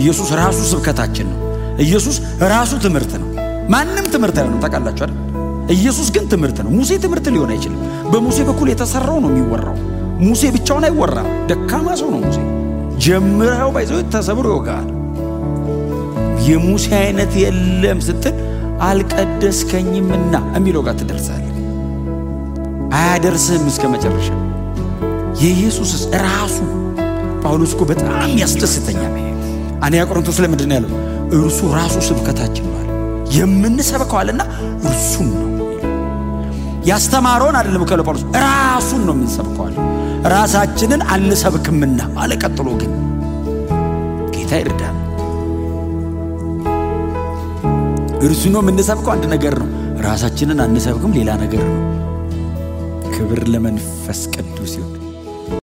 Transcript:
ኢየሱስ ራሱ ስብከታችን ነው። ኢየሱስ ራሱ ትምህርት ነው። ማንም ትምህርት አይሆንም። ታውቃላችሁ አይደል? ኢየሱስ ግን ትምህርት ነው። ሙሴ ትምህርት ሊሆን አይችልም። በሙሴ በኩል የተሰራው ነው የሚወራው። ሙሴ ብቻውን አይወራም። ደካማ ሰው ነው ሙሴ። ጀምረው ባይዘው ተሰብሮ ይወጋል። የሙሴ አይነት የለም ስትል አልቀደስከኝምና የሚለው ጋር ትደርሳለህ። አያደርስህም እስከ መጨረሻ። የኢየሱስስ ራሱ ጳውሎስ እኮ በጣም ያስደስተኛል። አንያ ቆሮንቶስ ለምንድን ነው ያለው? እርሱ ራሱ ስብከታችን ነው አለ። የምንሰብከው አለና እርሱን ነው ያስተማረውን አይደለም ከለ ጳውሎስ ራሱን ነው የምንሰብከው አለ። ራሳችንን አንሰብክምና አለ። ቀጥሎ ግን ጌታ ይርዳል። እርሱ ነው የምንሰብከው። አንድ ነገር ነው። ራሳችንን አንሰብክም፣ ሌላ ነገር ነው። ክብር ለመንፈስ ቅዱስ ይሁን።